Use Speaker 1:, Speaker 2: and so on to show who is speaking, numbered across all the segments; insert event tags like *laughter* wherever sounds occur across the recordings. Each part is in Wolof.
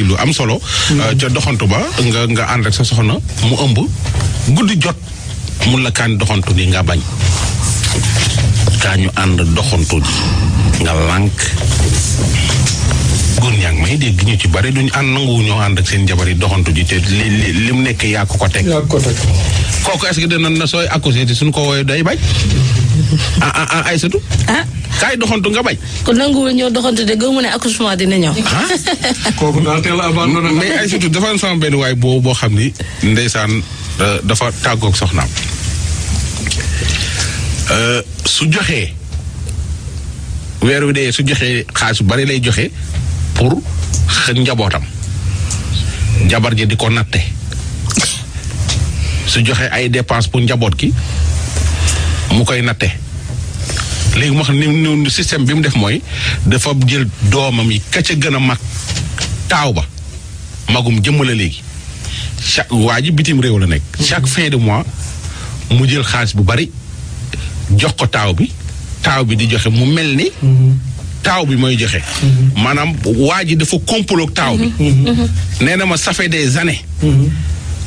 Speaker 1: lu am solo euh, ca doxantu ba nga nga ànd rek sa soxna mu ëmb guddi jot mun la kaan doxantu ni nga bañ kaa ñu ànd doxantu ji nga lànk góor ñaa ngi may dégg ñu ci bari duñu ànd nangu ñoo ànd ak seen jabar yi doxantu ji te li mu nekk yaa ko ko teg kooku est-ce na sooy accusé te suñ ko woy day bañ ah ah ay satu ah kaay doxantu nga bañ.
Speaker 2: ku nanguwul ñoo doxantu de gëmu accouchement dina ñëw. *laughs*
Speaker 1: kooku daal teel a abandonné mais ay surtout dafa am sama benn waay bo boo xam ni ndeysaan euh, dafa tàggoog soxnaam. Euh, su joxee weer wi su joxee xaalis bari lay joxe pour xëñ njabotam jabar ji diko ko su joxe ay dépenses pour njabot ki mu koy natte léegi moo xam ne système bi mu def mooy dafa jël doomam yi ka ca gën a mag taaw ba magum jëmmal la léegi chaque waa ji bitim réew la nekk. Mhm. chaque fin de mois mu jël xaalis bu bari jox ko taaw bi taaw bi di joxe mu mel ni. Mhm. taaw bi mooy joxe. Mhm. maanaam waa ji dafa komploog taaw bi. nee na ma safe fait des années.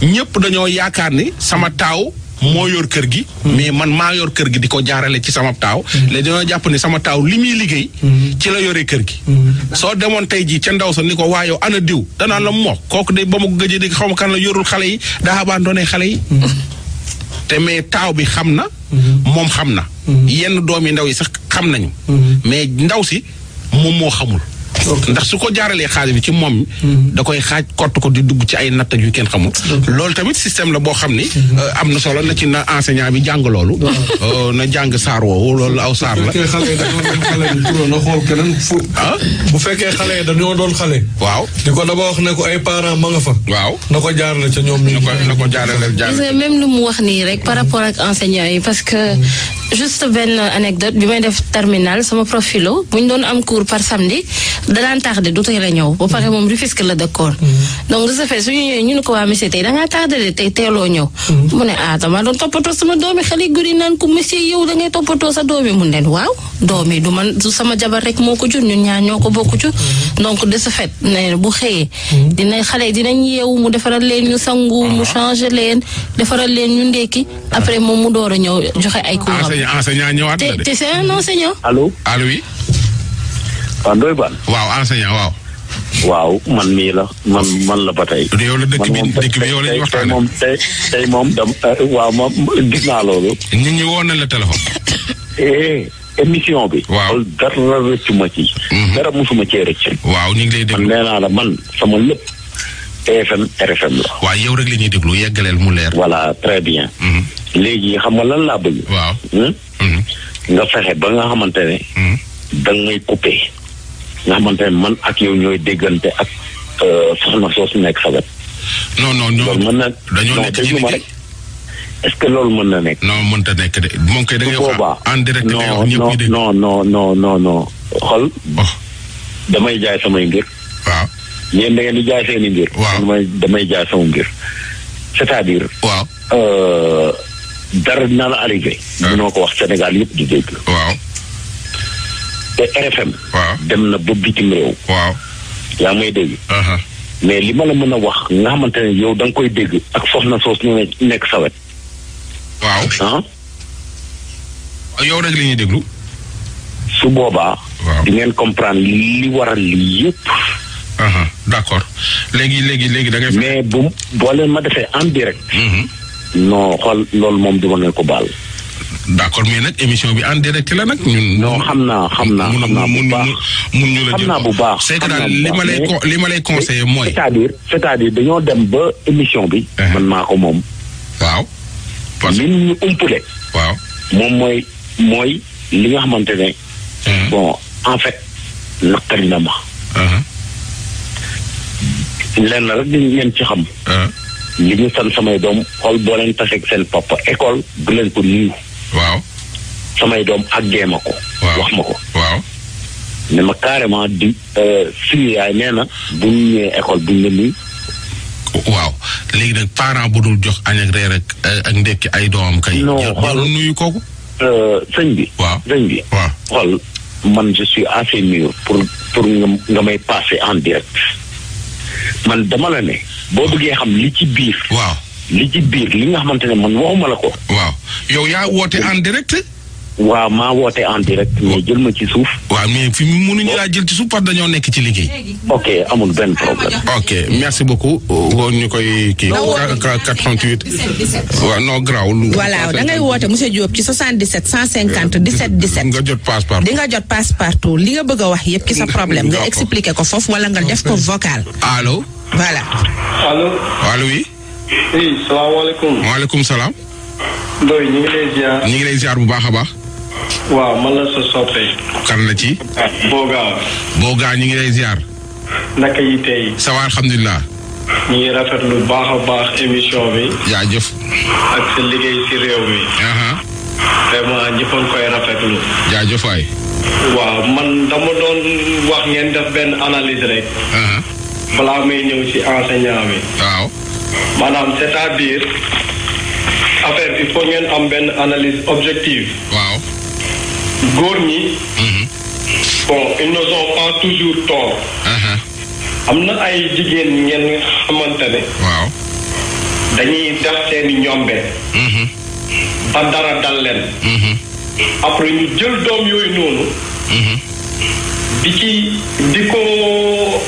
Speaker 1: ñëpp dañoo yaakaar ni sama taaw. moo yor kër gi. mais man maa yor kër gi di ko jaarale ci sama taaw. léegi jàpp ne sama taaw li muy liggéey. ci la yore kër gi. soo demoon tey jii ca ndaw sa ni ko waaye ana diw danaan la moo kooku de ba mu gëj di xaw ma kan la yorul xale yi daa abandonné xale yi. te mais taaw bi xam na. moom xam na. yenn doom yi ndaw yi sax xam nañu. mais ndaw si moom moo xamul. ndax su ko jaaralee xaalis bi ci moom. Mhm. da koy xaaj kott ko di dugg ci ay natt yu kenn xamul. loolu tamit système la boo xam ni. Mhm. Euh, am na solo na ci na enseignant bi jàng loolu. Euh, na jàng saar woowu loolu aw saar la. bu fekkee xale ah? bu fekkee xale yi dañoo doon xale. waaw di ko
Speaker 3: dama wax ne ko ay parents ma nga fa. waaw na ko jaarale ca ñoom. na ko na ko jaarale jaarale.
Speaker 2: même lu mu wax nii rek par rapport ak enseignant yi parce que mhm. juste benn bi may def terminal sama profilo bu ñu doon am cours par samedi. danaan tardé du tey la ñëw ba pare moom Rufisque la dëkkoon. Mm-hmm. donc su fekkee su ñu ñëwee ñu ne ko waa monsieur tey dangaa tardé de tey teeloo ñëw. Mm-hmm. mu ne ah dama doon toppatoo sama doomi xale yu guddi naan ko monsieur yow dangay toppatoo sa doomi mu ne waaw doomi du man du sama jabar rek moo ko jur ñun ñaar ñoo ko bokk jur. Mm-hmm. donc de ce fait nee bu xëyee. dina xale dinañ yeewu mu defaral leen ñu sangu mu ah. changé leen defaral leen ñu ndekki après moom mu door a ñëw joxe ay. courant ah, enseignant
Speaker 4: enseignant ñëwaat
Speaker 1: na de
Speaker 2: te
Speaker 4: allo allo waaw doy baan waaw waaw. man mii la man man la ba tey. yow la dëkk bi dëkk bi la ñuy waxtaanee moom tey tey moom dam eh, waaw moom gis naa loolu. ñu ñi woon na la téléphone. eh émission bi. waaw dara rëccu ma ci. Mhm. dara musuma cee rëcc. waaw ñu ngi lay déglu man naa la man sama lépp. TFM RFM yow rek la ñuy déglu yeggaleel mu leer. voilà très bien. Mhm. léegi xam nga lan laa bëgg. waaw. Hmm? Mhm. nga fexe ba nga xamante ne. da ngay coupé. nga xamante ne man ak yow ñooy déggante ak euh, soxna soosu nekk sa wet. non non ñoo mën na dañoo nekk ci liggéey ce que loolu mën na nekk. non mënta nekk de moom kay da ngay wax en direct ngay xol. Oh. damay jaay samay ngir. waaw yéen da di jaay seeni ngir. waaw damay damay jaay sama ngir. c'est-à-dire. waaw. Euh, dara dina la arrivé. Ah. mënoo ko wax Sénégal yëpp di dégg. te RFM. waaw dem na ba bitim réew. waaw yaa may dégg. Uh-huh. mais li ma la mën a wax nga xamante ne yow da koy dégg ak foofu na soos ñu nekk sawet waaw ah. ah. yow rek la déglu. su boobaa. waaw ngeen comprendre li waral lii yëpp. Uh-huh. d'accord léegi léegi léegi da mais bu boo ma defee en direct. Mm-hmm. non xool loolu moom duma leen ko baal.
Speaker 1: d' accord mais nag émission bi en direct la nag. ñun non xam naa
Speaker 4: xam naa xam naa bu baax mun ñu la xam naa bu baax. c'est que daal li ma lay li ma lay mooy. c'est-à-dire dañoo dem ba émission bi. Uh-huh. man moom. waaw. parce waaw moom mooy mooy li nga xamante ne. Uh-huh. bon en fait naqari na ma. Uh-huh. lenn rek dañu ci xam. li ñu san samay doom xool boo leen taseeg seen papa école du leen ko nuyu. waaw samay doom àggee ma ko. wax ma ko. waaw ne ma carrément di suñu euh, yaay nee na bu ñu ñëwee école bu ñu leen waaw léegi nag parent bu dul jox añ ak reer ak euh, ndekki ay doom kay. non xool nuyu kooku. Euh, sëñ bi. waaw sëñ bi. waaw man je suis assez mûr pour pour nga may passer en direct man dama la ne. boo bëggee xam li ci biir. waaw. li ci biir li nga xamante ne man waxuma la ko. waaw yow yaa woote en direct. waaw maa woote en direct. mais jël ma ci suuf. waaw mais fi ñu mënuñu laa jël ci suuf parce dañoo nekk ci liggéey. ok amul benn problème.
Speaker 1: ok merci beaucoup. woon ñu koy kii. 88. waaw non garaawul. voilà da ngay
Speaker 5: woote monsieur Diop ci 77 150 17 17. nga jot passe partout di nga
Speaker 6: jot passe partout li nga bëgg wax yëpp ci sa problème. nga expliqué ko foofu wala nga def ko vocal.
Speaker 1: allo. voilà. oui salaamaaleykum. salaam. Ndoye ñu ngi lay ziar. bu baax a baax. waaw man la sa soppe. kan la ci. Boga. Boga ñu ngi lay ziar. naka yi tey. ça va alhamdulilah. ñu ngi rafetlu baax a baax émission bi. jaajëf. ak sa
Speaker 7: liggéey ci réew mi. vraiment ñëpp a ngi koy rafetlu. jaajëf waay. waaw man dama doon wax ngeen def benn analyse rek. balaa may ñëw si enseignant bi. waaw. maanaam cest biir dire affaire il faut ngeen am benn analyse objective. waaw. góor ñi. Mhm. bon ils pas toujours tort. Uh-huh. am na ay jigéen ngeen xamante ne. waaw. dañuy def seeni ñombe. Mhm. ba dara dal leen. Mhm. après ñu jël doom yooyu noonu. di ci di ko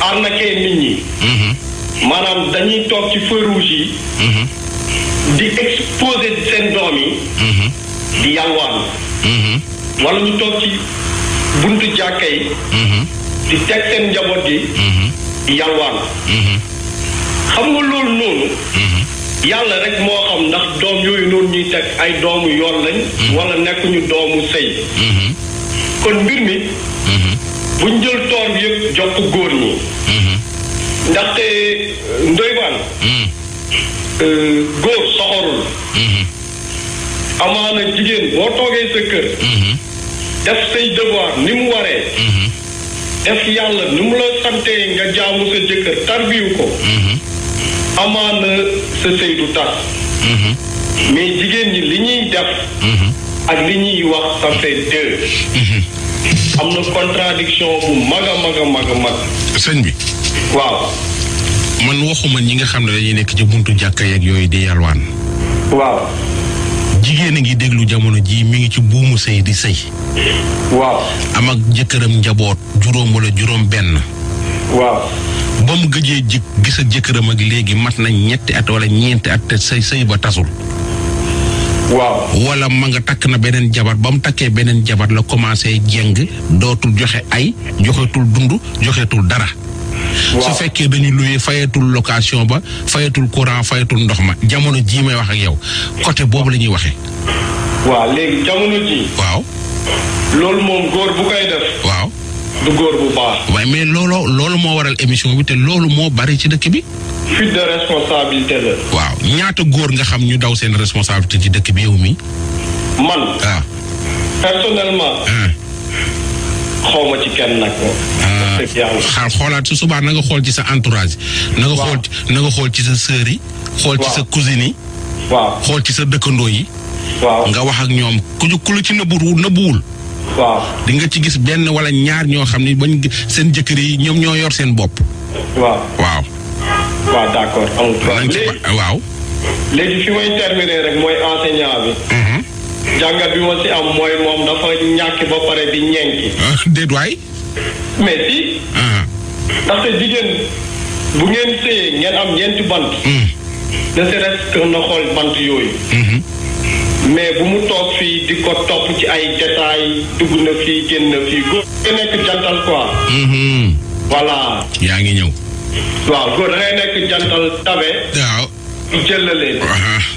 Speaker 7: arnaquer nit ñi. maanaam dañuy toog ci feu rouge yi. Mhm. di exposer seen doom yi. Mhm. di yalwaan. Mhm. wala ñu toog ci buntu jàkka yi. di teg seen njaboot yi. di yalwaan. xam nga loolu noonu. yàlla rek moo xam ndax doom yooyu noonu ñuy teg ay doomu yoon lañ. wala nekkuñu doomu sëy. kon mbir mi. buñ jël tool bi yëpp góor ñi. ndaxte euh, ndoy baan hmm. euh, góor soxorul hmm. amaana jigéen boo toogee sa kër hmm. def say devoir ni mu waree def yàlla ni mu la santee nga jaamu sa jëkkër tarbiyu ko amaana sa sëy du tas mais jigéen ñi li ñuy def ak li ñuy wax ça fait am na contradiction bu mag a mag a mag a mag sëñ bi waaw.
Speaker 1: man waxuma ñi nga xam ne dañuy nekk ci buntu jàkka yeeg yooyu di yalwaan. waaw. jigéen a ngi déglu jamono ji mi ngi ci buumu sëy di sëy. waaw. am ak jëkkëram njaboot juróom walla juróom benn. waaw. ba mu gëjee gis ak jëkkëram ak léegi mat na ñetti at wala ñeenti at te sëy sëy ba tasul. waaw wala ma nga takk na beneen jabar ba mu takkee beneen jabar la commencé jeng dootul joxe ay joxetul dund joxeetul dara. su fekkee dañu luwee fayatul location ba fayatul courant fayatul ndox ma jamono jii may wax ak yow côté boobu la ñuy waxee.
Speaker 7: waaw léegi jamono ji waaw. loolu moom góor bu koy
Speaker 1: def. waaw. du góor bu baax. waaye mais looloo loolu moo waral émission bi te loolu moo bari ci dëkk bi. fuite de responsabilité la. waaw ñaata góor nga xam ñu daw seen responsabilité ci dëkk bi yow mi man. ah. personnellement. Ah. xaw ma ci kenn nag. Ah, xaar xoolaat su subaa nanga xool ci sa entourage. na nga xool na xool ci sa sœur yi. xool ci sa cousine yi. xool ci sa dëkkandoo yi. waaw nga wax ak ñoom ku ñu ku lu ci nëbbuwul nëbbuwul. waaw di nga ci gis benn wala ñaar ñoo xam ne bañ seen jëkkër yi ñoom ñoo yor seen bopp. waaw waaw. waaw d'accord amul problème waaw. léegi fi may terminer mooy
Speaker 2: enseignant bi. Mhm. jàngat bi ma si am mooy moom dafa ñàkk ba pare di ñenki
Speaker 7: ah, déet waay mais si ah. ndaxte jigéen bu ngeen séyee ngeen am ñeenti bant hmm. ne serait-ce que na xool bant yooyu hmm. mais bu mu toog fii di ko topp ci ay détails dugg na fii génn fii góor nga nekk jantal quoi hmm. voilà yaa ngi ñëw waaw góor dangay nekk jantal tabe waaw jëlale ah.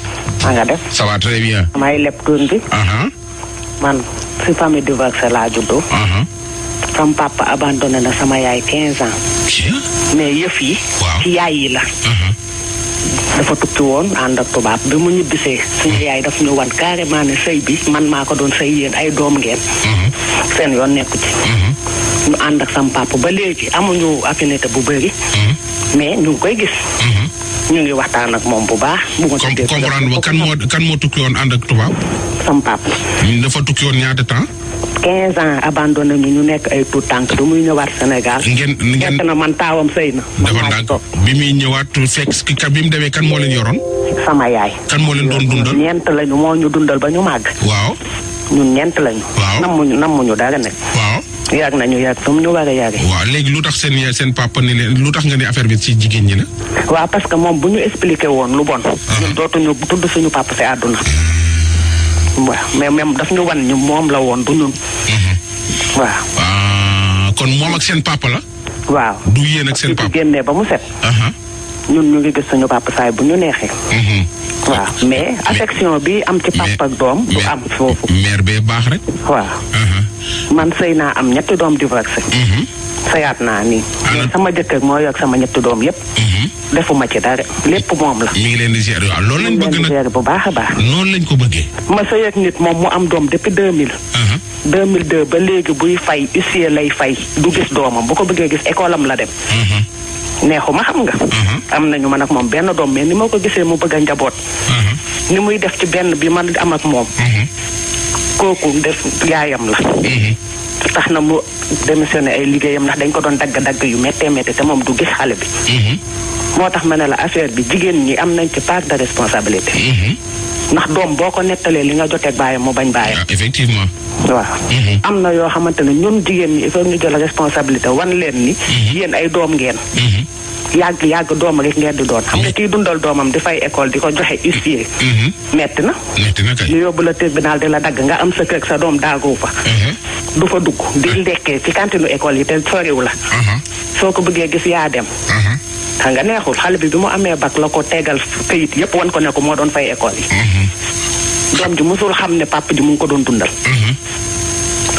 Speaker 5: maa nga def. ça va très bien. may leb bi. Uh-huh. man si famille de vague laa juddoo. Uh-huh. sama papa abandonné na sama yaay quinze ans. mais yëf yi. la. Uh-huh. dafa tukki woon ànd ak tubaab bi mu ñibbisee suñu yaay daf ñu wan carrément ne sëy bi man maa ko doon sëy yéen ay doom ngeen mhm. seen yoon nekku ci mhm. ñu ànd ak sam papa ba léegi amuñu affinité bu bëri mhm. mais ñu ngi koy gis ñu ngi waxtaan ak moom bu baax bu ma tëddee
Speaker 1: comprendre kan moo kan moo tukki woon ànd ak tubaab sam papa dafa tukki woon ñaata temps
Speaker 5: 15 ans abandonné ñu nekk ay tout tànk du muy ñëwaat senegal ngeen ngeen fekk na man taawam sëy na. ma bi muy ñëwaat fekk ka bi mu demee kan moo leen yoroon. sama yaay. kan moo leen doon dundal ñeent lañu moo ñu dundal ba ñu màgg. waaw. ñun ñeent lañu. waaw nammuñu nammuñu dara nag. waaw. yàgg nañu yàgg fa mu ñu war a yàgg. waaw
Speaker 1: léegi lu tax seen seen papa ni leen lu tax nga ne affaire bi ci jigéen ñi la.
Speaker 5: waaw parce que moom bu ñu expliqué woon lu bon. Ah. ñun dootuñu tudd suñu papa si àdduna. Hmm. waaw mais même daf ñu wan ñu moom la woon du ñun. Mhm. waaw. Ah, kon moom ak seen papa la. waa du yéen ak seen papa génnee set. ñun ñu ngi gis suñu papa bu ñu neexee. Mhm. waaw mais affection bi am ci papa ak doom. du am foofu mère bee baax rek. waaw. man sëy naa am ñetti doom divorcé. sayaat naa nii sama jëkkër moo yor sama ñetti doom yépp defuma ci dara lépp moom la mi ngi leen di ziar waaw loolu lañ bëgg nag bu baax a baax noonu lañ ko bëggee ma sëyeeg nit moom mu am doom depuis 2000 2002 ba léegi buy fay huissier lay fay du gis doomam bu ko bëggee gis école am la dem neexuma xam nga am nañu man ak moom benn doom mais ni ma ko gisee mu bëgg a njaboot ni muy def ci benn bi man am ak moom kooku def yaayam la tax na mu démissionné ay liggéeyam ndax dañ ko doon dagg-dagg yu méttee méttee te moom du gis xale bi. Mm-hmm. moo tax ma ne la affaire bi jigéen ñi am nañ ci part de responsabilité. Mm-hmm. ndax doom boo ko nettalee li nga joteeg bàyyam mu bañ bàyyam. Ah, effectivement. waaw mhm. am na yoo xamante ne ñun jigéen ñi il faut ñu jël responsabilité wan leen ni. Mhm. yéen ay doom ngeen. Mhm. yàgg yàgg doom rek ngeen di doon xam nga kiy dundal doomam di fay école di ko joxe huissier. metti na. metti na kay ñu yóbbu la tribunal di la dagg nga am sa kër sa doom daagoo fa. du fa dugg di lekkee ci cantine école yi te soriw la. soo ko bëggee gis yaa dem. xam nga neexul xale bi bi mu amee bac la ko tegal kayit yëpp wan ko ne ko moo doon fay école yi. Mhm. doom ji mosul xam ne papa ji mu ko doon dundal. Mhm.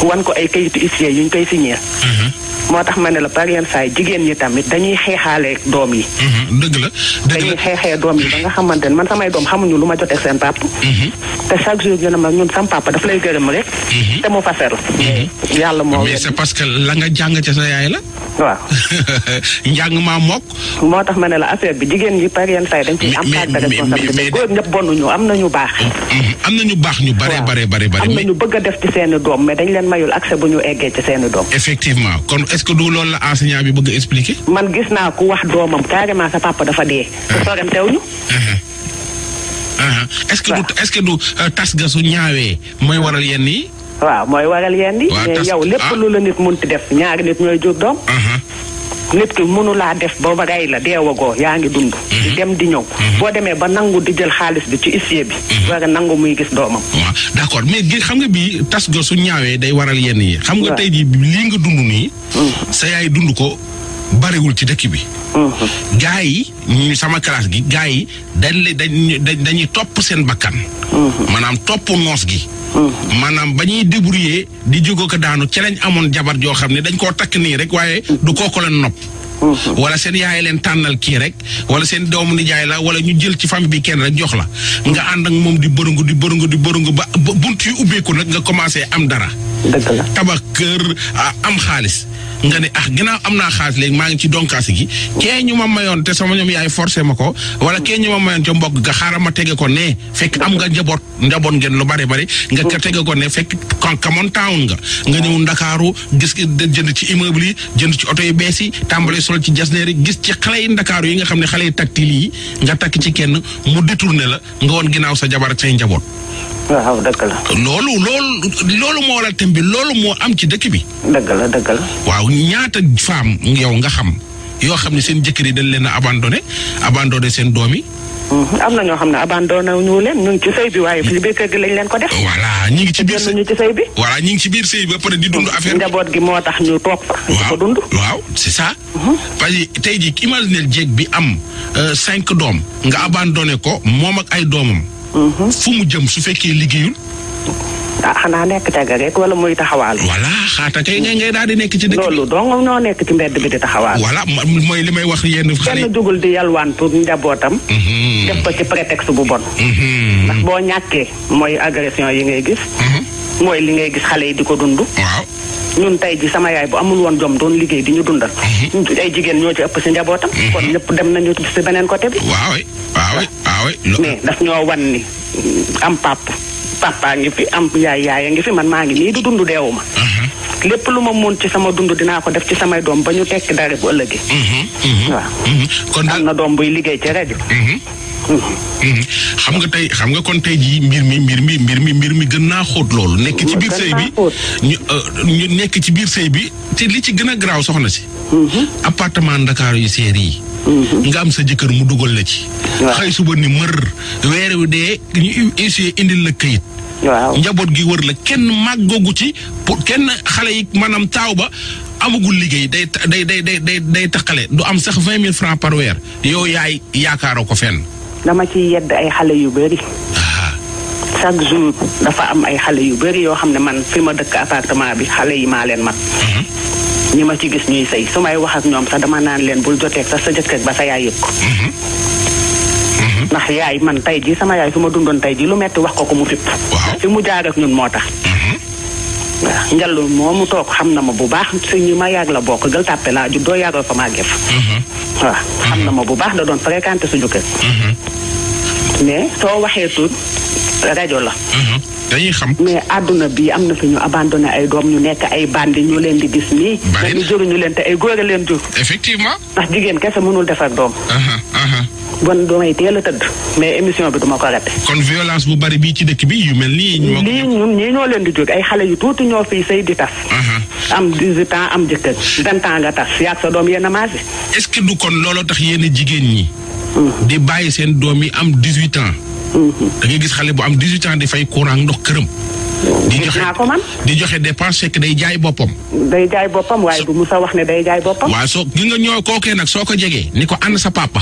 Speaker 5: wan ko ay këyitu huissier yu ñu koy signé. Mhm. motax mané la par yeen saa jigen ñi tamit dañuy xeexaale doom yi. hmm deug la deug la xéxé xeexee doom yi ba nga xamantene man samay doom xamuñu luma jotté sen seen hmm té chaque jour ñu ne ma ñun sam papa daf lay gërëm rek. té mm-hmm. te mu faseru. Mm-hmm. yalla mo mais c'est
Speaker 1: parce que la nga jang ci sa yaay la. wa
Speaker 5: *laughs* jang ma mok motax mané la affaire bi jigen ñi par yeen saa dañ ci am part de responsabilité góor ñëpp bonuñu am nañu baax.
Speaker 1: Mm-hmm. am nañu baax ñu bare bare bare bare. am nañu
Speaker 5: bëgg def ci sen doom mais dañ leen mayul accès bu ñu éggé ci sen doom. effectivement kon kon est-ce que du loolu la enseignant bi bëgg expliquer. man gis naa ku wax doomam carrément sa papa dafa dee. te soo dem teew ñu.
Speaker 1: est-ce que du est-ce que du euh, tas ga su ñaawee mooy waral yenn yi.
Speaker 5: waaw mooy waral yenn yi. mais yow lépp ah. lu la nit def ñaari nit ñooy jur doom. Ah. nit ki mënulaa def ba bagay la deewagoo yaa ngi dund. Mhm. di dem di ñëw. Mhm. boo demee ba nangu di jël xaalis bi ci huissier bi. nga mhm. nangu muy gis doomam.
Speaker 1: d'accord mais xam nga bi tas go su ñaawee day waral yenn yi. xam nga tey jii lii nga dund nii. sa yaay dund ko bariwul ci dëkk bi. gaa yi ñu sama classe gi gars yi dañ dañ dañuy topp seen bakkan. Mhm. maanaam topp noos gi. Mhm. maanaam ba ñuy débrouiller di jógo ko daanu ci lañ amoon jabar joo xam ne dañ koo takk nii rek waaye du kooku leen nopp. Mhm. wala seen yaay leen tànnal kii rek wala seen doomu nijaay la wala ñu jël ci famille bi kenn rek jox la nga ànd ak moom di bërëngu di bërëngu di bërëngu ba bunt yu ubbeeku nag nga commencé am dara. tabax kër ah, am xaalis nga ne ah ginnaaw am naa xaalis léegi maa ngi ci donkaas gi kee ñu ma mayoon te sama ñoom yaay forcé ma ko wala kee ñu ma mayoon ca mbokk ga xaaral ma tege ko ne fekk am nga njaboot njaboot ngeen lu bari bari nga ka tege ko ne fekk kamoon taawun nga nga ñëw ndakaaru gis jënd ci immeuble yi jënd ci oto yi bees yi tàmbale sol ci jasneer yi gis ci xale yi ndakaaru yi nga xam ne xale yi tactile yi nga takk ci kenn mu détourné la nga woon ginnaaw sa jabar say njaboot waaw dëgg la. loolu loolu loolu moo waral thème bi loolu moo am ci dëkk bi. dëgg la dëgg la. waaw ñaata femme yow nga xam yoo xam ne seen jëkkër yi dañ leen a abandonné abandonné seen doom yi.
Speaker 5: Mm-hmm. am na ñoo xam ne abandonné ñu leen ñu ngi waaye ci mm-hmm. biir kër ko def. voilà ñu ngi ci biir sëy ñu ci
Speaker 1: ñu ngi ci biir sëy bi ba pare di dund affaire
Speaker 5: bi. tax ñu toog fa. di ko dund
Speaker 1: waaw c'est ça. Mm-hmm. parce que tey jii imaginer jéeg bi am euh, cinq doom nga abandonné ko moom ak ay doomam. fu mu jëm su fekkee liggéeyul.
Speaker 5: ah xanaa nekk caga rek wala muy taxawaal voilà xaata kay ngay ngay daal nekk ci dëkk bi loolu dong noo nekk ci mbedd bi di taxawaalu. voilà mooy li may wax yenn xale yi. kenn dugul di yalwaan pour njabootam. Mhm. def ko ci prétexte bu bon. Mhm. ndax boo ñàkkee mooy agression yi ngay gis. Mhm. mooy li ngay gis xale yi di ko dund. waaw. ñun tey ji sama yaay bu amul woon jom doon liggéey di ñu dundal. ay jigéen ñoo ci ëpp si njabootam. kon ñëpp dem nañu si beneen côté bi. waaw mais daf ñoo wan ni mm, am pàpp pàppaa ngi fi am yaay yaay a ngi fi man maa ngi nii di dund deewuma uh-huh. lépp lu ma mën ci sama dund dinaa ko def ci samay doom ba ñu tekki dara bu ëllëgee uh-huh, uh-huh. waaw kon doom buy liggéey ci
Speaker 1: xam nga tey xam nga kon tey jii mbir mi mbir mi mbir mi mbir mi gën naa xóot loolu nekk ci biir sëy bi euh, ñu nekk ci biir sëy bi te li ci gën a garaaw soxna si appartement Ndakaaru yu seer yi Mm-hmm. nga am sa jëkkër mu dugal la ci. xëy suba ni mër weer wi dee ñu essayé indil la kayit waaw njaboot gi wër la kenn màggoogu ci pour kenn xale yi maanaam taaw ba amagul liggéey day day day day day day taxale du am sax vingt mille francs par weer yow yaay yaakaaroo ko fenn.
Speaker 5: dama ci yedd ay xale yu bari chaque jour dafa am ay xale yu bari yoo xam ne man fi ma dëkk appartement bi xale yi maa leen mag. Mm-hmm. ñi ma ci gis ñuy sëy su may wax ak ñoom sax dama naan leen bul joteeg sax sa jëkkër ba sa yaay yëg ko mm-hmm. ndax yaay man tey jii sama yaay su ma dundoon tey jii lu metti wax ko ko mu fipp fi mu jaar ak moo tax mm-hmm. waaw njallu moo mu toog xam na ma bu baax su ñu ma yàgg la bokk gël tàppe laa jub doo yàggoo fa gef mm-hmm. waaw xam na ma bu baax da doon fréquenté suñu kër mais soo waxee tuut rajo la. Mhm. dañuy xam. mais àdduna bi am na fi ñu abandonné ay doom ñu nekk ay bandi ñu leen di gis nii. bari ñu jëruñu leen leen jur. effectivement. ndax jigéen kese mënul defar doom. bon doomay teel a tëdd. mais émission bi duma ko kon violence bu bari bii ci dëkk bi yu mel nii. lii ñun leen di jóg ay xale yu tuuti ñoo fiy sëy di tas. am 18 ans am jëkkër. 20 ans nga tas yaag sa doom yéen a maase.
Speaker 1: que du kon looloo tax yéen jigéen ñi. Hmm. di bàyyi seen doom yi am 18 ans. da ngay gis xale bu am 18 ans di fay courant ndox këram. di joxe di joxe fekk day jaay boppam.
Speaker 5: day jaay boppam waaye bu musa wax ne day jaay boppam. waaw soo gi nga
Speaker 1: ñoo kookee nag soo ko jegee ni ko ànd sa papa.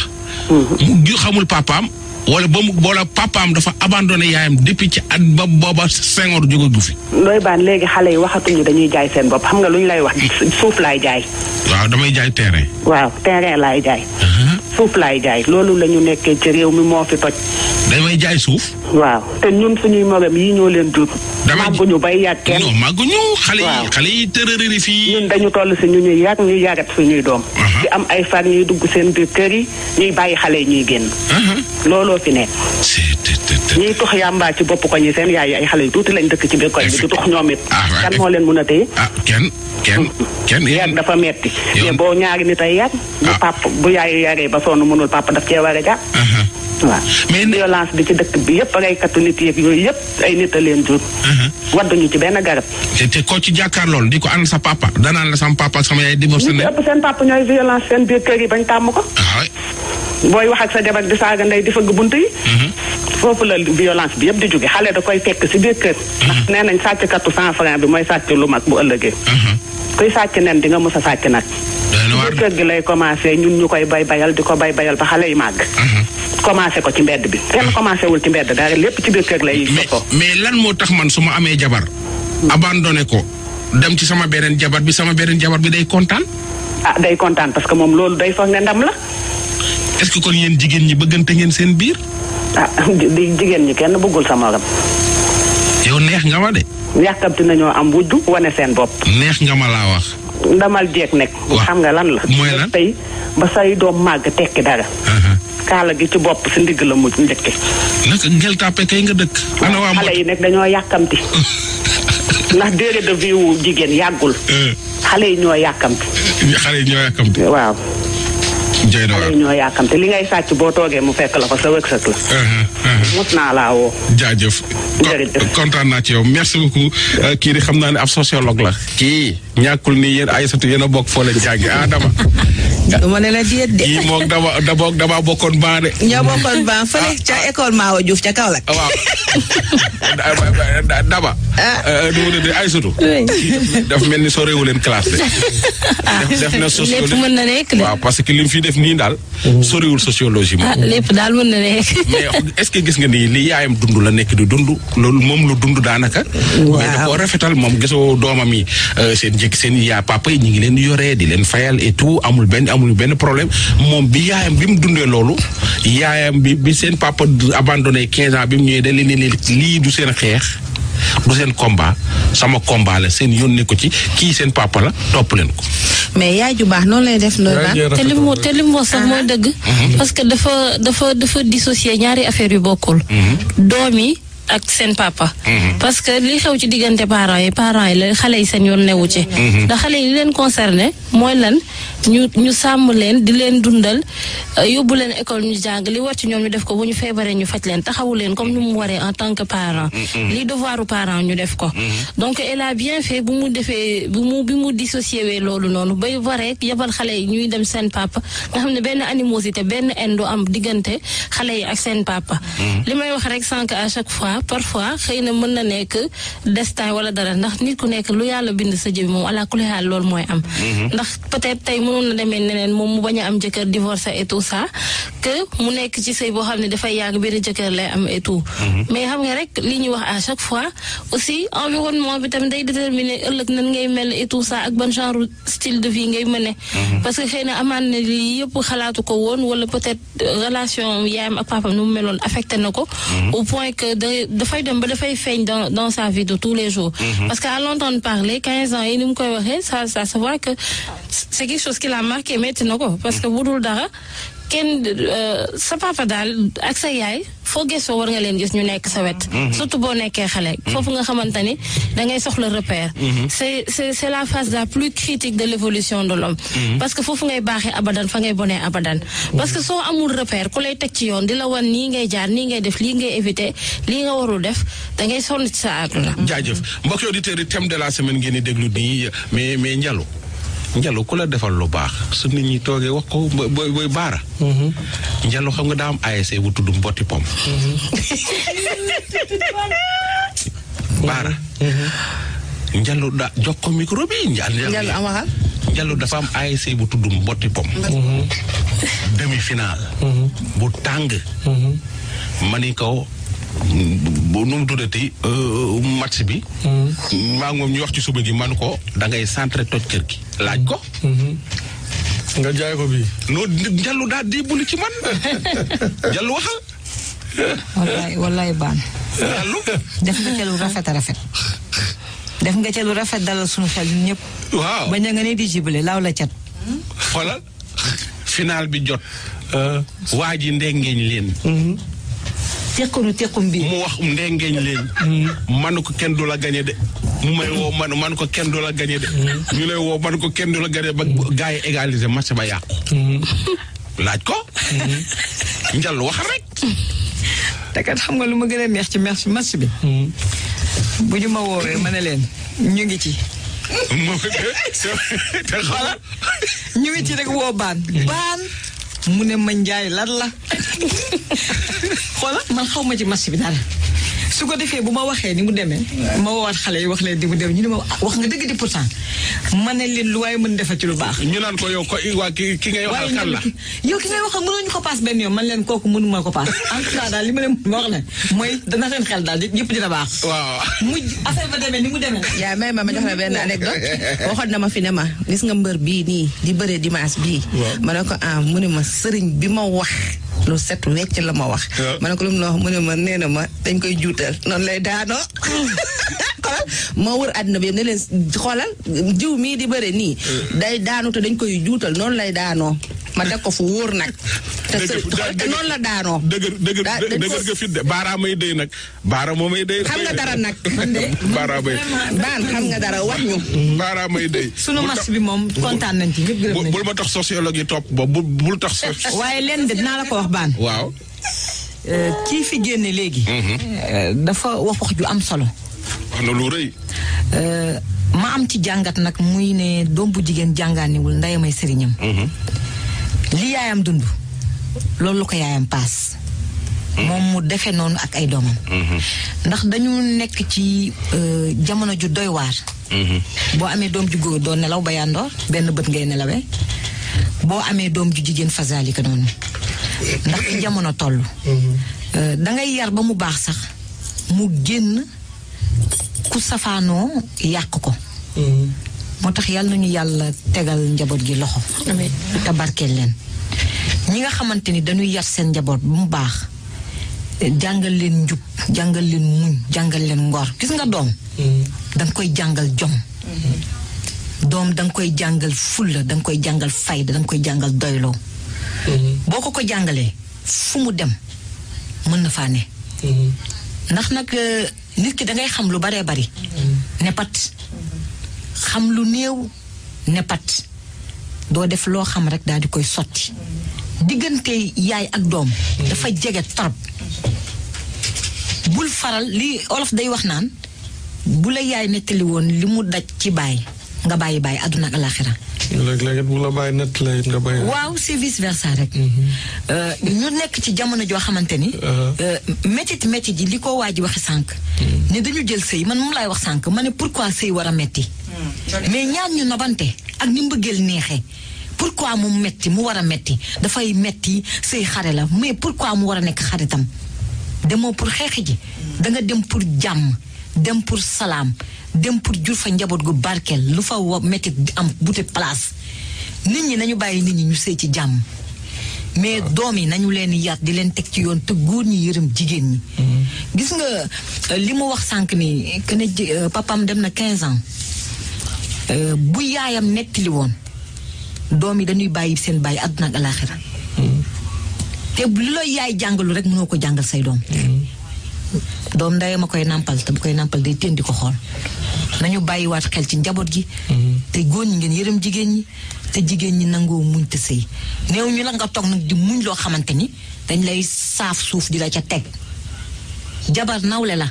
Speaker 1: Mhm. mu xamul papaam. wala ba mu wala papaam dafa abandonné yaayam depuis ci at ba booba Senghor jóge gu fi.
Speaker 5: looy baan léegi xale yi waxatuñu dañuy jaay seen bopp xam nga luñ lay wax. suuf laay jaay.
Speaker 1: waaw damay jaay terrain.
Speaker 5: waaw terrain laay jaay. Uh-huh. suuf laay jaay loolu la ñu nekkee ci réew mi moo fi toj. damay jaay suuf. waaw te ñun suñuy magam yi ñoo leen jur. damay màgguñu bay yàgg kenn. non màgguñu. xale yi xale yi tërërëri fii. ñun dañu toll si ñu ñuy yàgg ñuy yàggat suñuy doom. Uh-huh. di ay far ñuy dugg seen biir kër yi ñuy bàyyi xale yi ñuy génn. Uh-huh. looloo fi nekk. ñuy tox yàmbaa ci bopp koñ yi seen yaay yi ay xale yu tuuti lañ dëkk ci biir koñ bi di tox ñoom it. Ah, moo leen mën a téye. Ah, kenn kenn kenn. dafa metti. boo ñaari nit ay yàgg. bu ah. pap bu yaay yaree ba sonn mënul papa daf ci war ja jàpp waaw mais violence bi ci dëkk bi yëpp raykatu nit yeeg yooyu yëpp ay nit a leen jur mhm. wadduñu ci benn garab
Speaker 1: té ko ci jàkkaar lool di ko ànd sa papa da danaan la sama papa sama yaay divorce ne
Speaker 5: ëpp seen papa ñoy violence sen biir kër yi bañ tam ko boy wax ak sa jabar di saga ndey di fëgg buntu yi mhm. fofu la violence bi yëpp di jóge xalé da koy fekk ci biir kër mhm. ndax nañ sacc katu 100 francs bi moy sacc lu mag bu ëllëgee koy sacc nen di nga mësa sacc nak kër gi lay commencé ñun ñu koy bay bayal di ko bay bayal ba xale yi màgg. Mhm. commencé ko ci mbedd bi. kenn mhm. commencé wul ci mbedd daal lépp ci biir kër lay. ko
Speaker 1: mais lan moo tax man su ma amee jabar. abandonné ko dem ci sama beneen jabar bi sama beneen jabar bi day kontaan. ah day kontaan
Speaker 5: parce que moom loolu day foog ne ndam la. est ce que kon yéen jigéen ñi bëggante ngeen seen biir. ah jigéen ñi kenn bëggul sa morom. yow neex nga ma de. yàkkamti nañoo am wujju wane seen bopp. neex nga ma laa wax. ndamal jeeg nekk. xam nga lan la. mooy lan tey ba say doom màgg tekki dara. Uh-huh. kaala gi ci bopp si ndigg la mujj njëkk. ngel tàppe kay nga dëkk. ana xale yi nag dañoo yàkkamti. *laughs* ndax durée de vie jigéen yàggul. Uh. xale yi ñoo yàkkamti.
Speaker 1: xale yi ñoo yàkkamti.
Speaker 5: waaw. Dieng xale ñoo yàkkamte li ngay sàcc boo toogee mu fekk la fa sa wërsëg la. Uh-huh, uh-huh. mos naa laa woo.
Speaker 1: jaajëf kontaan naa ci yow merci beaucoup uh, kii di xam naa ne ab sociologue la. kii ñàkkul ni yéen ay satu yéen a bokk foo leen jàngi Adama.
Speaker 5: duma ne la déet de yi moog dama dama dama bokkoon ban de ñoo bokkoon
Speaker 1: ban fële ca
Speaker 5: école Maawa Diouf ca Kaolack waaw
Speaker 1: daba nu mu tudd Aïssatou daf mel ni sorewu leen classe
Speaker 2: de def na sociologie lépp mën na nekk de
Speaker 1: waaw parce que li mu fi def nii daal sorewul sociologie moom
Speaker 2: lépp daal mën na nekk mais
Speaker 1: est-ce que gis nga ni li yaayam dund la nekk di dund loolu moom lu dund daanaka kan? mais da rafetal moom gisoo doomam yi eh, seen jëkk seen yaa papa yi ñu ngi leen yoree di leen fayal et tout amul benn amuñu ben problème mom bi yaayam bi mu dundee il yaayam bi bi sen papa abandonné 15 ans bi mu ñëwee da leen ne du sen du sen combat sama combat la sen yónnee ko ci ki sen papa la top leen ko.
Speaker 2: mais yaay ju baax non lay def ndoy baax té li mu te sax moy ah. dëgg. Mhm. parce que dafa dafa dafa dissocier ñaari affaire yu bokul mhm. doom ak seen papa. Mhm. parce que li xew ci diggante parents yi parents yi la xale yi seen yoon newu ci. Mhm. da xale yi leen concerné mooy lan ñu ñu sàmm leen di leen dundal euh, yóbbu leen école ñu jàng li war ci ñoom ñu def ko bu ñu feebaree ñu faj leen taxawu leen comme ñu mu waree en tant que parent. Mhm. li devoiru parent ñu def ko. donc elle bien fait bu mu defee bu mu bi mu dissocié wee loolu noonu bay waree yabal xale yi ñuy dem seen papa nga xam ne benn animosité benn endo am diggante xale yi ak seen papa. fois. effectivement parfois xëy na mën na nekk destin wala dara ndax nit ku nekk lu yàlla bind sa jëbi moom ala kulli xaal loolu mooy am. Mhm. ndax peut-être tey mënoon na demee neneen moom mu bañ a am jëkkër divorcé et tout ça que mu nekk ci sëy boo xam ne dafay yàgg benn jëkkër lay am et mhm. mais xam rek li ñuy wax à chaque fois aussi environnement bi tamit day déterminer ëllëg nan ngay mel et tout ça ak ban genre style de vie ngay mëne. Mhm. parce que xëy na amaan na lii yëpp xalaatu ko woon wala peut-être relation yaayam ak papaam nu meloon affecté na ko. au point que de dem ba dafay fait dans dans sa vie de tous les jours. Mhm. parce qu'à l'entendre parler 15 ans il nous connaît ça ça se voit que c'est quelque chose qui l'a marqué maintenant, na parce que vous mhm. budul dara. kenn euh, sa papa daal ak sa yaay foo gëstoo war nga leen gis ñu nekk sa wet. Mhm. surtout boo nekkee xale. Mhm. foofu nga xamante ni da ngay soxla repère. Mhm. c'est c'est c'est la phase la plus critique de l'évolution de l'homme parce que foofu ngay baaxee abadan fa ngay bone abadan. parce que soo amul repère ku lay teg ci yoon di la wan nii ngay jaar nii ngay def lii ngay éviter lii nga warul def da ngay sonn ci sa àdduna.
Speaker 1: jaajëf mbokki auditeurs yi thème de la semaine ngeen di déglu nii mais mais Ndiallo. njalo ku la defal lu baax su nit ñi toogee wax ko booy baara. Mhm. njalo xam nga daa am ASC bu tudd Mboti Pom. Mhm. *laughs* baara. Mhm. njalo da jox ko micro bi. njalo amaxal njalo dafa am ASC bu tudd Mboti Pom. demi final. bu tàng. ma ni bu nu mu tuddati euh, match bi. maa ngi moom ñu wax ci suba gi man ko da ngay toj kër gi. laaj go mhm. nga jaay ko bii. non Jallu daa diibuli ci man *laughs* Jallu waxal.
Speaker 3: wallaay wallaay
Speaker 8: baan. Jallu. def nga ca rafet a rafet. def nga ca lu rafet dalal suñu xel ñun ñëpp. waaw bañ a di jibale laaw la cat.
Speaker 1: xoolal bi jot. Ah. waa ji ndengeñ leen. Mhm. teqalu tequm bi. mu wax ne ndengeñ leen. man ko kenn du la gagné de. mu may woo man man ko kenn du la gagné de. ñu lay woo man ko kenn du la gagné ba gars yi égaliser match ba yàqu. laaj ko. njal wax rek.
Speaker 8: te kat xam nga lu ma gën a neex ci match match bi. bu ñu ma woowee ma ne leen ñu ngi ci. *laughs* *laughs* te xalaat ñu ngi ci rek woo baan baan. mu ne ma njaay lan la *laughs* xoola man xaw ma ci marché bi dara su ko defee bu ma waxee ni mu demee ma woowaat xale yi wax leen di mu dem ñu ne ma ah, wax nga dëgg di pourtant ma ne leen lu mën defa ci lu baax ñu naan ko yow ko waa ki ki ngay waxal kan la yow ki ngay waxal mënuñu ko paas benn yoon man leen kooku mënu ma ko paas en tout cas daal li ma leen ma wax ne mooy dana seen xel daal yëpp dina baax waaw mujj affaire ba demee ni mu demee
Speaker 5: yaa may ma
Speaker 2: ma jox la benn anecdote
Speaker 5: *laughs* waxoon na ma fi ne ma gis nga mbër bii nii di bëree dimanche bii ma ne ko ah mu ne ma sëriñ bi ma wax lu set wecc la ma wax. ma ne ko lu mu la wax mu ne ma nee na ma dañ koy juutal noonu lay daanoo. *laughs* xoolal moo wër àddina bi ne leen xoolal jiw mii di bëre nii. day daanu dañ koy juutal noonu lay daanoo. ma teg ko fu wóor nag. te noonu la daanoo. dëgër dëgër dëgër
Speaker 1: nga fit de baaraam may nag. baaraam moo may dey. xam nga dara nag. *laughs* baaraam may baan
Speaker 8: xam nga dara wax ñu.
Speaker 1: baaraam may dey. sunu match bi moom kontaan nañ
Speaker 8: ci ñëpp gërëm bul ma
Speaker 1: tax sociologue yi topp ba bul bul tax. *laughs*
Speaker 8: waaye leen de dinaa la ko wax baan. waaw. Euh, kii fi génne léegi. Mm-hmm. Euh, dafa wax wax ju am solo. wax na lu rëy. Euh, ma am ci jàngat nag muy ne doom bu jigéen jàngaaniwul ndeyamay sëriñam. Mhm. li yaayam dund loolu lu ko yaayam paas. Mhm. moom mu defe noonu ak ay doomam. Mhm. ndax dañu nekk ci euh, jamono ju doy waar. boo amee doom ju góor doo nelaw ba yàndoor benn bët ngay nelawee. boo amee doom ju jigéen fasaalika noonu ndax ci jamono toll. Euh, da yar ba mu baax sax mu génn. ku safaanoo yàq ko mm-hmm. moo tax yàlla nañu yàlla tegal njaboot gi loxo te barkeel leen ñi nga xamante ni dañuy yar seen njaboot bu mu baax jàngal leen njub jàngal leen muñ jàngal leen ngor gis nga doom mm-hmm. danga koy jàngal jom mm-hmm. doom danga koy jàngal fulla danga koy jàngal fayda danga koy jàngal doyloo boo ko ko jàngalee fu mu dem mën na faa ne ndax nag euh, nit ki da ngay xam lu baree bari ne xam lu néew ne pat doo def loo xam rek daal di koy sotti diggante yaay ak doom dafa jege trop bul faral li olof day wax naan bu la yaay nettali woon li mu daj ci baay nga bàyyi baay àdduna ak
Speaker 3: léeg-léeg bu la bàyyi nett la nga bàyyi.
Speaker 8: waaw c'est vice versa rek. Mhm. Euh, ñu nekk ci jamono joo xamante ni. Euh. Euh, métit métit yi li ko waa ji waxee sànq. Mhm. ne dañu jël sëy man moom laay wax sànq ma ne pour quoi sëy war a métti. Mhm. mais ñaar ñu nobante ak ni mbëggeel neexee. pour pourquoi mu metti mu war a metti dafay metti say xare la mais quoi mu war a nekk xaritam demoo pour xeexi ji. da nga dem pour jàmm. dem pour salaam dem pour jur fa njaboot gu barkeel lu fa wa métti am buté place nit ñi nañu bàyyi nit ñi ñu sëy ci jàmm mais ah. doom yi nañu leen yar di leen teg ci yoon te góor ñi yërëm jigéen ñi mhm. gis nga euh, li mu wax sànq ni que euh, papam dem na quinze ans euh, bu yaayam nettali woon doom yi dañuy bàyyi seen bàyyi àdduna ak alaxira mhm. te lu la yaay jàngalu rek mënoo ko jàngal say doom mhm. doom ndeyam a koy nàmpal tam koy nàmpal day teen di ko xool nañu bàyyiwaat xel ci njaboot gi mhm. te góor ñi ngeen yërëm jigéen ñi te jigéen ñi nangoo muñ te sëy néew ñu la nga toog nag di muñ loo xamante ni dañ lay saaf suuf di la ca teg jabar nawle la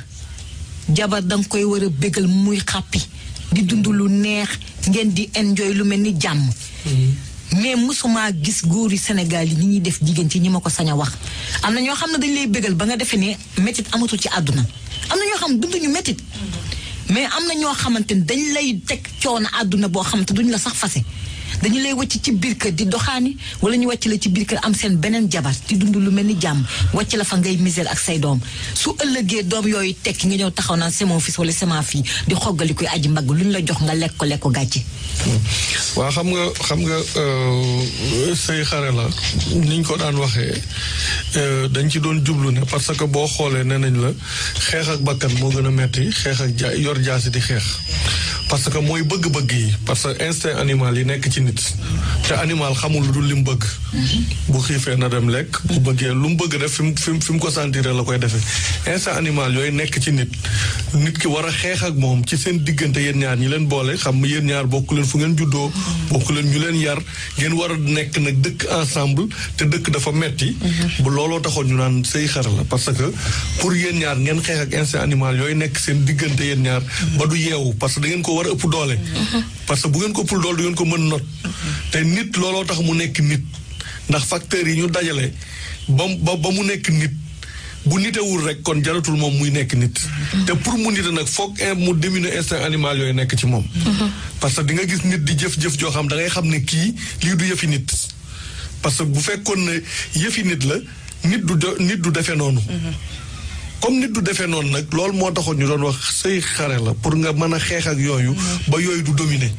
Speaker 8: jabar danga koy war a bégal muy xàppi di dund lu neex ngeen di enjoy lu mel ni jàmm
Speaker 6: mhm.
Speaker 8: mais ma gis góor yu senegal yi ni ñuy def jigéen ci ñi ma ko sañ a wax am na ñoo xam ne dañ lay bégal ba nga defee ne métit amatul ci àdduna am na ñoo xam ne dunduñu métit
Speaker 6: mm-hmm.
Speaker 8: mais am na ñoo xamante ne dañ lay teg coono àdduna boo xam te duñ la sax fase dañu lay wàcc ci biir kër di doxaani wala ñu wàcc la ci biir kër am seen beneen jabar di dund lu mel ni jàmm wàcc la fa ngay misère ak say doom su ëllëgee doom yooyu tekki nga ñëw taxaw naan c'est mon fils wala fii di xoggali koy aji mbagg lu ñu la jox nga lekk ko lekk ko
Speaker 3: waa xam nga xam nga euh, say xare la niñ ko daan waxee euh, dañ ci doon jublu ne parce que boo xoolee nee nañ la xeex ak bakkan moo gën a metti xeex ak yor jaasi di xeex parce que mooy bëgg-bëgg yi parce que instinct yi nekk ci nit te animal xamul lu dul li mu bëgg
Speaker 5: mhm.
Speaker 3: bu xiifee na dem lekk bu bëggee lu mu bëgg def fi mu fi mu ko sentiré la koy defee instant animal yooyu nekk ci nit nit ki war a xeex ak moom ci seen diggante yéen ñaar ñi leen boole xam yéen ñaar bokk leen fu ngeen juddoo mhm. bokk leen ñu leen yar ngeen war a nekk nag dëkk ensemble te dëkk dafa metti mhm. looloo taxoon ñu naan sëy xar la parce que pour yéen ñaar ngeen xeex ak instant animal yooyu nekk seen diggante yéen ñaar ba du yeewu parce que da ngeen ko war a ëpp doole parce que bu ngeen ko pul dool du ngeen ko mën not te nit looloo tax mu nekk nit ndax facteurs yi ñu dajale ba ba ba mu nekk nit bu nitewul rek kon jaratul moom muy nekk nit te pour mu nite nag foog mu diminuer instinct animal yooyu nekk ci moom parce que di nga gis nit di jëf-jëf joo xam da ngay xam ne kii lii du yëfi nit parce que bu fekkoon ne yëfi nit la nit du nit du defe noonu comme nit du defee noonu nag loolu moo taxoon ñu doon wax sëy xare la pour nga mën a xeex ak yooyu ba yooyu du dominer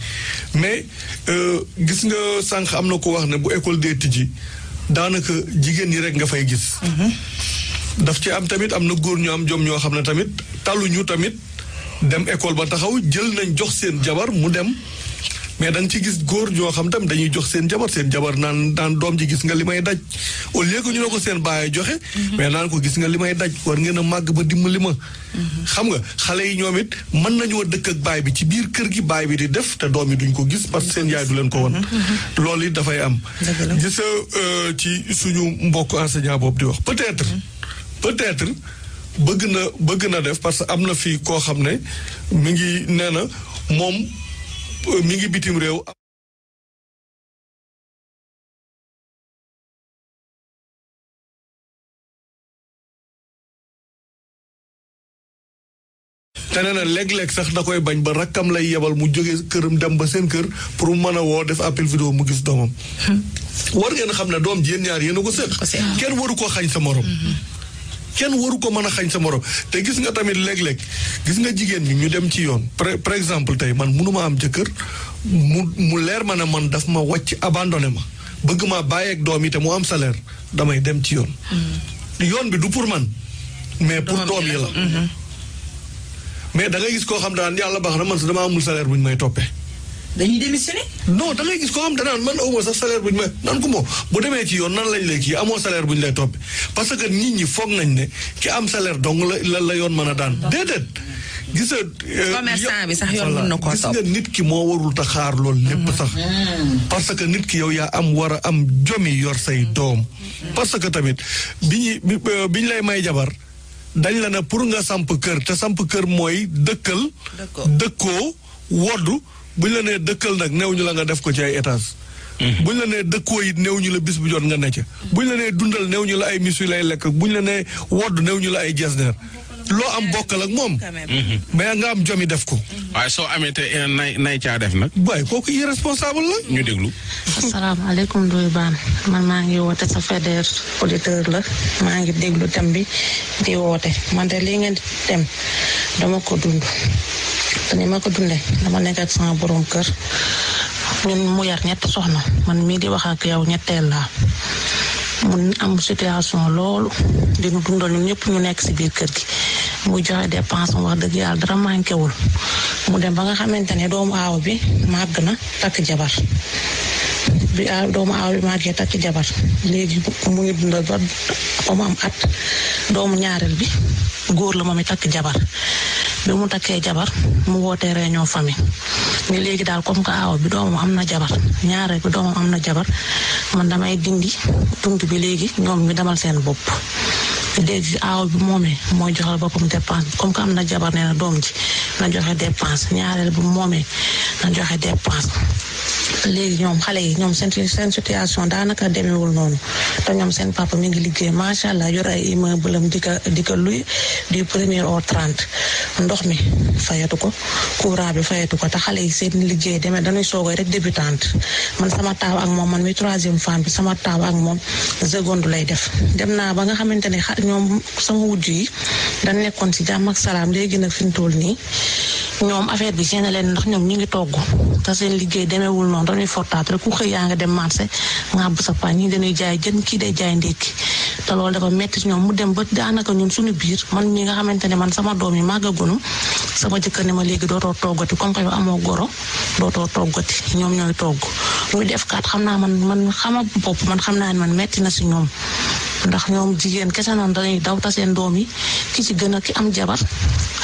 Speaker 3: mais euh, gis nga sànq am na ko wax ne bu école dee tijji daanaka jigéen ñi rek nga fay gis daf ci am tamit am na góor ñu am jom ñoo xam ne tamit taluñu tamit dem école ba taxaw jël nañ jox seen jabar mu dem mais da ci gis góor ñoo xam tam dañuy jox seen jabar seen jabar naan daan doom ji gis nga li may daj au lieu que ñu ne ko seen baay joxe. Mhm. mais naan ko gis nga li may daj war ngeen a màgg ba dimbali ma. Mhm. xam nga xale yi ñoom it mën nañoo dëkk ak baay bi ci biir kër gi baay bi di def te doom yi duñ ko gis parce que seen yaay du leen ko won mhm. loolu it dafay am. gis euh, ci suñu mbokk enseignant boobu di wax peut-être. peut-être bëgg na bëgg na def parce que am na fi koo xam ne mi ngi nee na moom. Euh, mi ngi bitim réew te nee na léeg-léeg sax da koy bañ ba rakkam lay yebal mu jóge këram dem ba seen kër pour mu mën a woo def appel vidéo mu gis doomam hmm. war geen xam ne doom ji yéen ñaar yéen ko sëq kenn waru koo xañ sa moroom hmm. kenn waru ko mën a xañ sa morom te gis nga tamit léeg-léeg gis nga jigéen ñi ñu dem ci yoon par exemple tey man mënuma am jëkkër mu mu leer ma ne man daf ma wàcc abandonné ma bëgg maa bàyyeek doom yi te mu am salaire damay dem ci yoon mm-hmm. yoon bi du pour man mais pour doom yi la mm-hmm. mais da nga gis koo xam daan yàlla baax na man sa dama amul salaire bu ñu may toppee dañuy démissionné. non da ngay gis ko am danaan man amoo sax salaire bu ñu may nan ko moo bu demee ci yoon nan lañ lay kii amoo salaire bu ñu lay toppee parce que nit ñi foog nañ ne ki am salaire dong la la yoon mën a daan déedéet. gisa nga euh, commerçant bi sax yoon la na koo topp gis nga nit ki moo warul ta xaar loolu mm-hmm. sax. parce que nit ki yow yaa am war a am jomi yor say mm-hmm. doom. parce que tamit bi ñu bi ñu lay may jabar. dañ la na pour nga samp kër te samp kër mooy dëkkal. dëkkoo woddu. bu ñu la nee dëkkal nag new ñu la nga def ko ci ay étage mhm. bu ñu la nee dëkkoo it new ñu la bis bu jot nga necc mhm. bu ñu la nee dundal new ñu la ay miss yu lay lekk bu ñu la nee wodd new ñu
Speaker 1: la ay jesneer loo am bokk ak moom. mais nga am jomi def ko. waaye soo amee te nay nay caa def nag. waaye kooku irresponsable la. ñu déglu.
Speaker 6: alekum Ndoye Bane man maa ngi woote sa fédère auditeur la maa ngi déglu tam bi di woote man de lii ngeen di dem dama ko dund te ni dama nekk ak sama borom kër ñun mu yar ñett soxna man mii di wax ak yow ñetteel laa. mun am situation loolu dinu dundal ñun ñëpp ñu nekk si biir kër gi muy joxe dépense wax dëgg yàlla dara manqué wul mu dem ba nga xamante ne doomu aaw bi màgg na takk jabar bi ah, doomu aaw bi màggee takk jabar léegi mu ngi dundal ba ba mu am at doomu ñaareel bi góor la moom it takk jabar bi mu takkee jabar mu wootee réunion famille ni léegi daal comme que aaw bi doomam am na jabar ñaareel bi doom am na jabar man damay dindi tunt bi léegi ñoom ñu demal seen bopp léegi aaw bi moomee mooy joxal boppam dépense comme que am na jabar nee na doom ji na joxe dépense ñaareel bi moomee na joxe dépense léegi ñoom xale yi ñoom seen seen situation daanaka demeewul noonu te ñoom seen papa mi ngi liggéey macha allah yor ay immeuble am di ko di luy du premier au trent ndox mi fayatu ko courant bi fayatu ko te xale yi seen liggéey demee dañuy soogay rek débutante man sama taaw ak moom man mi troisième femme bi sama taaw ak moom seconde lay def dem naa ba nga xamante ne ñoom sama wujj yi dañ nekkoon si jàmm ak salaam léegi nag fi mu toll nii ñoom affaire bi génne leen ndax ñoom ñi ngi togg te seen liggéey demeewul noonu dañuy fortaat rek ku xëy yaa nga dem marché nga bu sa paan ñii dañuy jaay jën kii day jaay ndékki te loolu dafa metti ci ñoom mu dem ba daanaka ñun suñu biir man ñi nga xamante ne man sama doom yi màggagunu sama jëkkër ne ma léegi dootoo toggati comme que amoo goro dootoo toggati ñoom ñooy togg muy def kaat xam naa man man xama bopp man xam naa ne man metti na si ñoom ndax ñoom jigéen kese noonu dañuy daw ta seen doom yi ki si gën a ki am jabar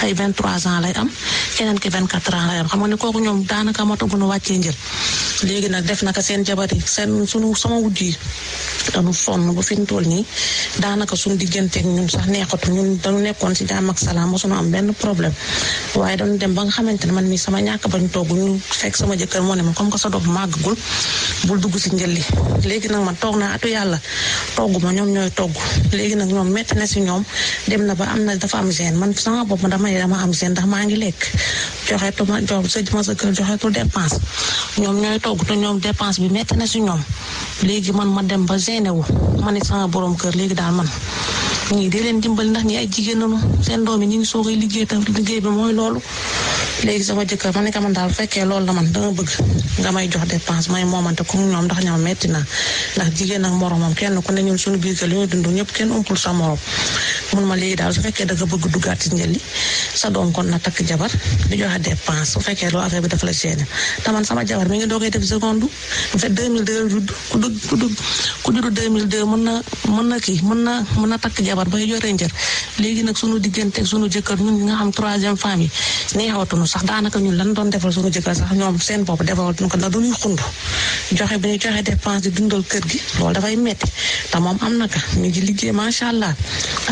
Speaker 6: ay 23 ans lay am keneen ki 24 ans lay am xam nga ne kooku ñoom daanaka mataguñu wàccee njël léegi nag def naka seen jabar seen sunu sama wujj yi dañu sonn bu fi ñu nii daanaka suñu digganteeg sax neexatu ñun dañu nekkoon si jàmm ak salaam mosuñu am benn problème waaye dañu dem ba nga xamante ne man mi sama ñàkk bañ togg ñu fekk sama jëkkër moo ne ma comme que sa doom màggagul bul dugg si njëlli léegi nag man toog naa atu yàlla togg ma ñoom ñooy togg léegi nag ñoom métti na si ñoom dem na ba am na dafa am gêne man sama bopp ma dama ne dama am gêne ndax maa ngi lekk joxetu ma jox sa sa kër joxetu dépense ñoom ñooy togg te ñoom dépense bi metti na si ñoom léegi man ma dem ba gêné wu ma ne sama borom kër léegi daal man mu ngi dee leen dimbali ndax ñi ay jigéen lañu seen doom yi ñu ngi soogay liggéey tam liggéey bi mooy loolu léegi sama jëkkër ma ne ko man daal bu fekkee loolu la man dama bëgg nga may jox dépense may moomante comme ñoom ndax ñoom metti na ndax jigéen ak moromam kenn ku ne ñun suñu biir kër yooyu dund ñëpp kenn umpul sa morom mun ma léegi daal fekkee da nga bëgg duggaat ci njël li sa doom kon na takk jabar di joxe dépense su fekkee loo affaire bi dafa la gêné te man sama jabar mi ngi doogay def seconde bu fekk 2002 la judd ku dugg ku dugg ku judd na mën na kii mën na mën na takk jabar bay joree njër léegi nag sunu diggante ak sunu jëkkër ñun ñi nga xam troisième femme yi neexatuñu sax daanaka ñun lan doon defal sunu jëkkër sax ñoom seen bopp defalatuñu ko ndax duñuy xund joxe bu ñu joxe dépense di dundal kër gi loolu dafay metti te moom am na ka mi ngi liggéey macha allah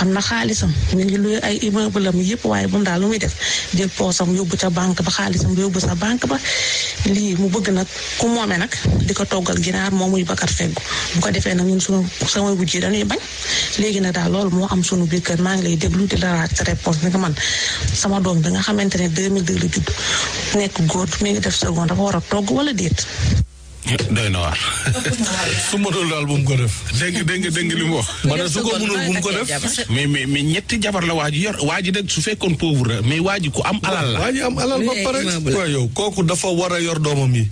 Speaker 6: am na xaalisam mi ngi luy ay immeuble am yëpp waaye bu daal lu muy def jël poosam yóbbu ca banque ba xaalisam yóbbu sa banque ba lii mu bëgg nag ku moome nag di ko toggal ginaar moom muy bakkat feggu bu ko defee nag ñun sunu sama wujj dañuy bañ léegi nag daal loolu moo am sunu biir kër ngi lay déglu di la laaj sa réponse nga man sama doom bi xamante ne 2002 la nekk góor mi ngi def seconde dafa war a togg wala déet.
Speaker 1: doy na waar. *laughs* su mënul daal bu mu ko def. dégg dégg dégg li mu wax. ma ne su ko mënul bu ko def. mais mais mais ñetti jabar la waa ji yor waa ji dégg su fekkoon pauvre mais waa ji ku am alal la. waa ji am alal ba pare. waaw yow kooku dafa war a yor doomam yi.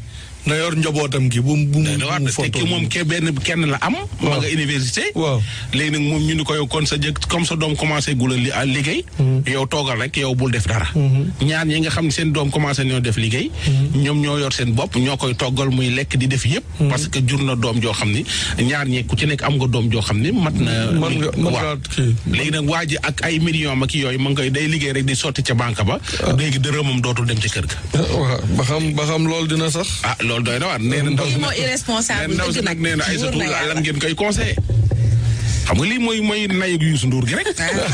Speaker 1: na yor njabootam gi bu bu mu foto moom ke benn kenn la am. ma nga université. waaw léegi nag moom ñu ni ko yow kon sa jëkk comme sa doom commencé gula liggéey. Mhm. yow toogal rek yow bul def dara. Mhm. ñaar ñi nga xam ne seen doom commencé ñoo def liggéey. Mhm. ñoom ñoo yor seen bopp ñoo koy toggal muy lekk di def yépp parce que jur na doom joo xam ni ñaar ñi ku ci nekk am nga doom joo xam ni mat na. mën nga waaw léegi nag waa ji ak ay millions ak yooyu ma nga day liggéey di sotti ca banque ba. Ah. léegi dërëmam dootul dem ci kër ga. *laughs* waaw ba loolu doy si
Speaker 8: nag nee na ay sa tur lan
Speaker 1: ngeen xam nga lii mooy mooy nay gu Youssou Ndour gi rek. Ah. *laughs*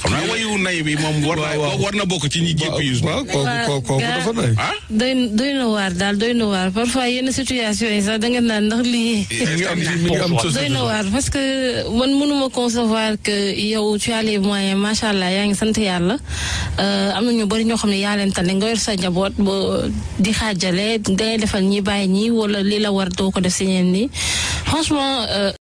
Speaker 1: xam naa wayu nay bi moom war na war na bokk ci ñi jépp Youssou. waaw kooku kooku
Speaker 2: dafa nay. Ah? doy doy na waar daal doy na waar parfois yenn situation yi sax da nga naan ndax lii. *laughs* doy na waar parce que man mënuma concevoir que yow tu as les moyens macha allah yaa ngi sant yàlla euh, am na ñu bari ñoo xam ne yaa leen tane nga yor sa njaboot ba di xaajale day defal ñi bàyyi ñi wala lii la war doo ko def si ñeen nii franchement. Euh,